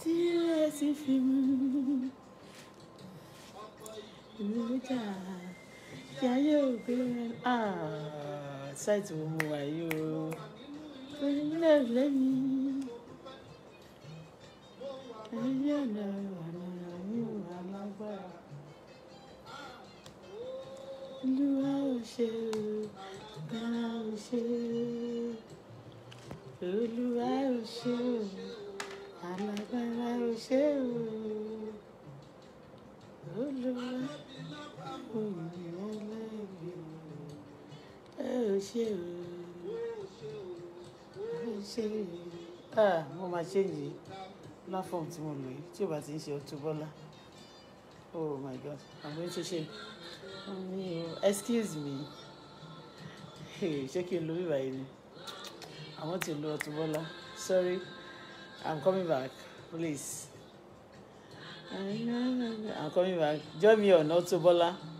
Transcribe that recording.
tí ẹ sì fi mú ìlújà kí ayé òbí ṣáìtì wo mo wà yìí o torí nílẹ̀ ìlẹ́ mi ẹ̀yẹ́ ọ̀nà ọ̀nà mi ò wà lágbára. olúwa ò ṣe o alágbára ò ṣe o olúwa òmìnira lẹ́gbẹ̀ẹ́ ẹ ò ṣe o ẹ ṣe o. mo máa ṣe yìí platform tí mo lò yìí tí o bá ti ń ṣe Auto Bola oh my god i'm going to shame excuse me ṣé kí n lo bíbá yìí ni. I want to know Otubola. Sorry, I'm coming back, please. I'm coming back. Join me on Otubola.